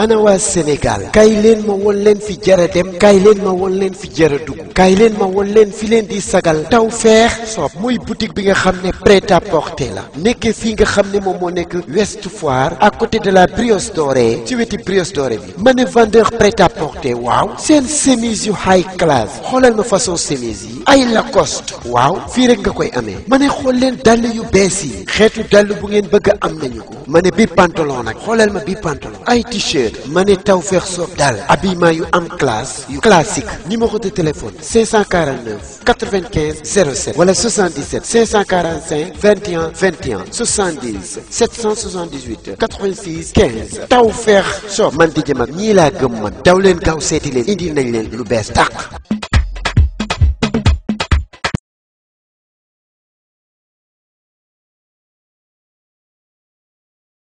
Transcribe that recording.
ana wa Sénégal kaay ma won leen fi jere dem kaay ma won leen fi jere dug ma won fi len di sagal taw fex boutique bi nga prêt à porter la nek fi nga xam ne moom West Foire à côté de la Brioche Dorée ci weti Brioche Dorée bi mané vendeur prêt à porter waaw sen semis yu high class xoolal ma façon chemise yi ay Lacoste waaw fi rek nga koy amé mané ne xool yu xeetu dàll bu ngeen bëgg am nañu ko ma ne bi pantalon nag xoolal ma bi pantalon ay t-shirt ma ne Tawfekh Sopp daal habillement yu am classe yu classique numéro de téléphone 549 95 07 wala 77 545 21 21 70 778 86 15 Tawfekh Sopp man di jëm ak ñii laa gëm man daw leen gaaw seeti leen indil nañ leen lu bees tàq